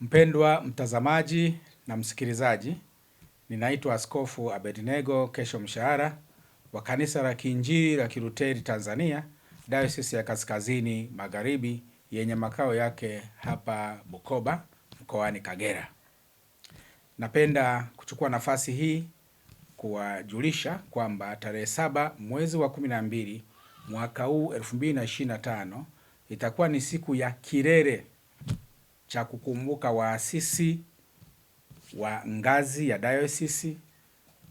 Mpendwa mtazamaji na msikilizaji, ninaitwa Askofu Abednego Kesho Mshahara wa Kanisa la Kiinjili la Kiluteri Tanzania, Dayosisi ya Kaskazini Magharibi yenye makao yake hapa Bukoba mkoani Kagera. Napenda kuchukua nafasi hii kuwajulisha kwamba tarehe saba mwezi wa kumi na mbili mwaka huu elfu mbili na ishirini na tano itakuwa ni siku ya kilele cha kukumbuka waasisi wa ngazi ya dayosisi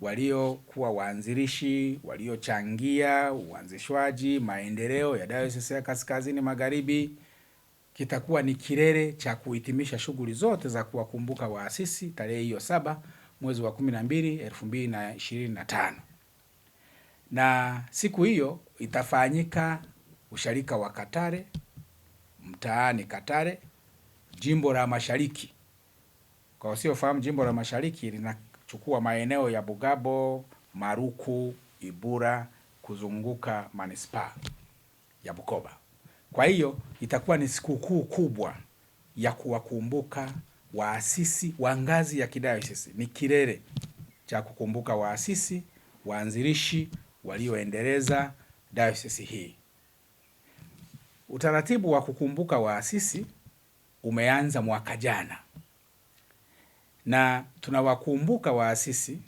waliokuwa waanzilishi waliochangia uanzishwaji maendeleo ya dayosisi ya Kaskazini Magharibi. Kitakuwa ni kilele cha kuhitimisha shughuli zote za kuwakumbuka waasisi tarehe hiyo saba mwezi wa kumi na na na na siku hiyo itafanyika usharika wa Katare mtaani Katare jimbo la Mashariki. Kwa wasiofahamu, jimbo la Mashariki linachukua maeneo ya Bugabo, Maruku, Ibura kuzunguka manispaa ya Bukoba. Kwa hiyo itakuwa ni sikukuu kubwa ya kuwakumbuka waasisi wa ngazi ya kidayosisi. Ni kilele cha kukumbuka waasisi waanzilishi walioendeleza dayosisi hii. Utaratibu wa kukumbuka waasisi umeanza mwaka jana, na tunawakumbuka waasisi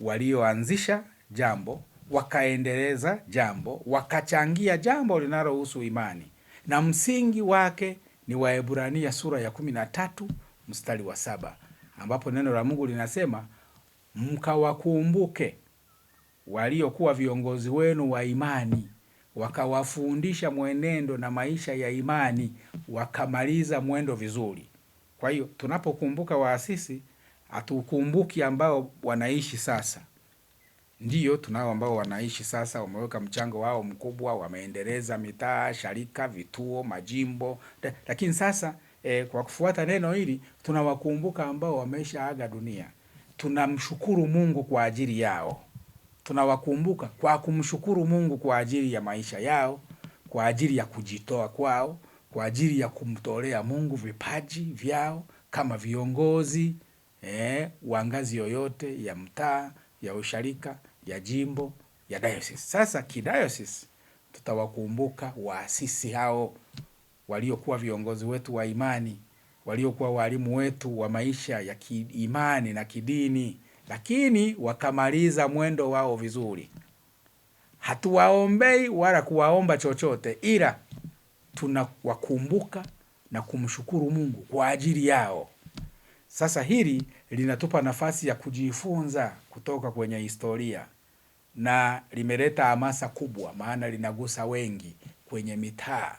walioanzisha jambo wakaendeleza jambo wakachangia jambo linalohusu imani na msingi wake ni Waebrania sura ya kumi na tatu mstari wa saba ambapo neno la Mungu linasema mkawakumbuke waliokuwa viongozi wenu wa imani wakawafundisha mwenendo na maisha ya imani, wakamaliza mwendo vizuri. Kwa hiyo tunapokumbuka waasisi, hatukumbuki ambao wanaishi sasa. Ndiyo, tunao ambao wanaishi sasa, wameweka mchango wao mkubwa, wameendeleza mitaa, sharika, vituo, majimbo, lakini sasa e, kwa kufuata neno hili tunawakumbuka ambao wameshaaga dunia. Tunamshukuru Mungu kwa ajili yao tunawakumbuka kwa kumshukuru Mungu kwa ajili ya maisha yao, kwa ajili ya kujitoa kwao, kwa ajili ya kumtolea Mungu vipaji vyao kama viongozi eh, wa ngazi yoyote ya mtaa, ya usharika, ya jimbo, ya diocese. Sasa kidiocese tutawakumbuka waasisi hao waliokuwa viongozi wetu wa imani, waliokuwa walimu wetu wa maisha ya kiimani na kidini lakini wakamaliza mwendo wao vizuri. Hatuwaombei wala kuwaomba chochote, ila tunawakumbuka na kumshukuru Mungu kwa ajili yao. Sasa hili linatupa nafasi ya kujifunza kutoka kwenye historia na limeleta hamasa kubwa, maana linagusa wengi kwenye mitaa,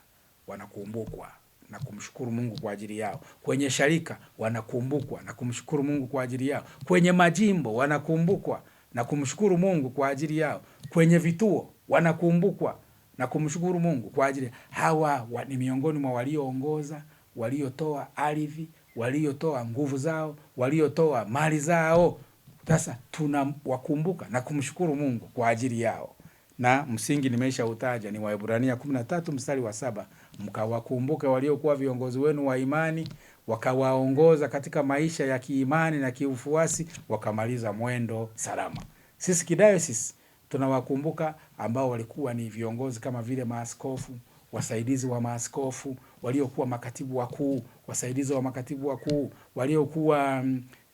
wanakumbukwa na kumshukuru Mungu kwa ajili yao. Kwenye sharika wanakumbukwa na kumshukuru Mungu kwa ajili yao. Kwenye majimbo wanakumbukwa na kumshukuru Mungu kwa ajili yao. Kwenye vituo wanakumbukwa na kumshukuru Mungu kwa ajili. Hawa ni miongoni mwa walioongoza, waliotoa ardhi, waliotoa nguvu zao, waliotoa mali zao. Sasa tunawakumbuka na kumshukuru Mungu kwa ajili yao na msingi nimesha utaja ni Waebrania 13 mstari wa saba, mkawakumbuke waliokuwa viongozi wenu wa imani wakawaongoza katika maisha ya kiimani na kiufuasi wakamaliza mwendo salama. Sisi kidayosisi tunawakumbuka ambao walikuwa ni viongozi kama vile maaskofu wasaidizi wa maaskofu, waliokuwa makatibu wakuu, wasaidizi wa makatibu wakuu, waliokuwa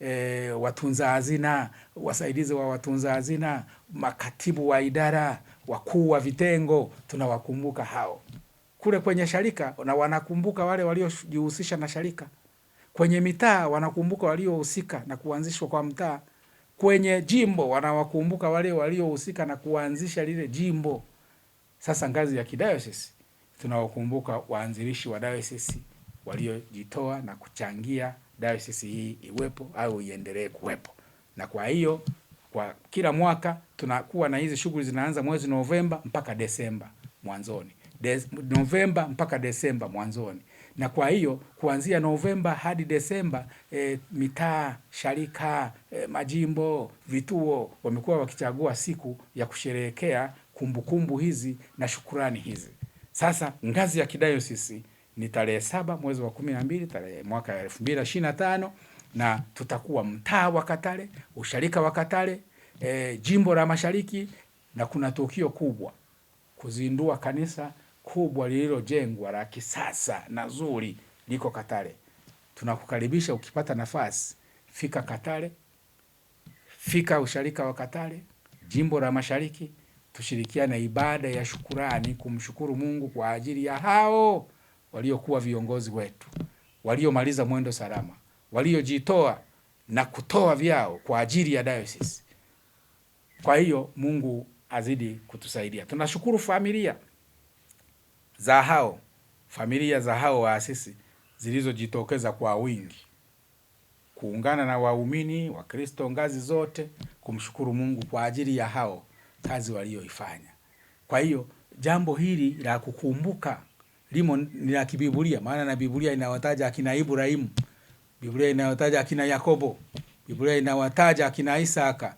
e, watunza hazina, wasaidizi wa watunza hazina, makatibu wa idara, wakuu wa vitengo, tunawakumbuka hao kule kwenye sharika, na wanakumbuka wale waliojihusisha na sharika kwenye mitaa wanakumbuka waliohusika na kuanzishwa kwa mtaa. Kwenye jimbo wanawakumbuka wale waliohusika na kuanzisha lile jimbo. Sasa ngazi ya kidayosisi tunawakumbuka waanzilishi wa dayosisi waliojitoa na kuchangia dayosisi hii iwepo au iendelee kuwepo. Na kwa hiyo kwa kila mwaka tunakuwa na hizi shughuli zinaanza mwezi Novemba mpaka Desemba mwanzoni. Des, Novemba mpaka Desemba mwanzoni. Na kwa hiyo kuanzia Novemba hadi Desemba e, mitaa, sharika, e, majimbo, vituo wamekuwa wakichagua siku ya kusherehekea kumbukumbu hizi na shukurani hizi. Sasa ngazi ya kidayosisi ni tarehe saba mwezi wa kumi na mbili tarehe mwaka elfu mbili na ishirini na tano na tutakuwa mtaa wa Katale, usharika wa Katale, e, jimbo la Mashariki, na kuna tukio kubwa kuzindua kanisa kubwa lililojengwa la kisasa na zuri liko Katale. Tunakukaribisha, ukipata nafasi fika Katale, fika usharika wa Katale, jimbo la Mashariki tushirikiane ibada ya shukurani kumshukuru Mungu kwa ajili ya hao waliokuwa viongozi wetu, waliomaliza mwendo salama, waliojitoa na kutoa vyao kwa ajili ya diocese. Kwa hiyo Mungu azidi kutusaidia. Tunashukuru familia za hao familia za hao waasisi zilizojitokeza kwa wingi kuungana na waumini wa Kristo ngazi zote kumshukuru Mungu kwa ajili ya hao kazi walioifanya. Kwa hiyo jambo hili la kukumbuka limo ni la kibibulia, maana na Biblia inawataja akina Ibrahimu, Biblia inawataja akina Yakobo, Biblia inawataja akina Isaka.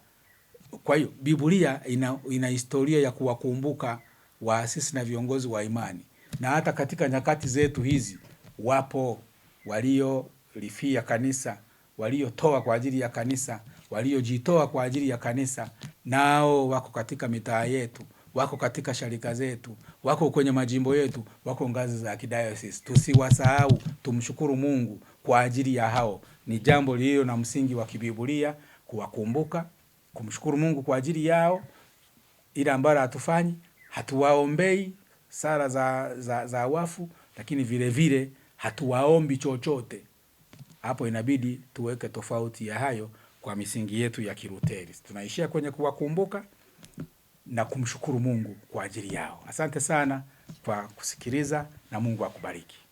Kwa hiyo Biblia ina, ina historia ya kuwakumbuka waasisi na viongozi wa imani, na hata katika nyakati zetu hizi wapo waliolifia kanisa, waliotoa kwa ajili ya kanisa, waliojitoa kwa ajili ya kanisa nao wako katika mitaa yetu, wako katika sharika zetu, wako kwenye majimbo yetu, wako ngazi za kidayosisi. Tusiwasahau, tumshukuru Mungu kwa ajili ya hao. Ni jambo lililo na msingi wa kibibulia kuwakumbuka, kumshukuru Mungu kwa ajili yao, ila ambalo hatufanyi, hatuwaombei sala za, za, za wafu, lakini vilevile hatuwaombi chochote. Hapo inabidi tuweke tofauti ya hayo kwa misingi yetu ya Kiruteri. Tunaishia kwenye kuwakumbuka na kumshukuru Mungu kwa ajili yao. Asante sana kwa kusikiliza na Mungu akubariki.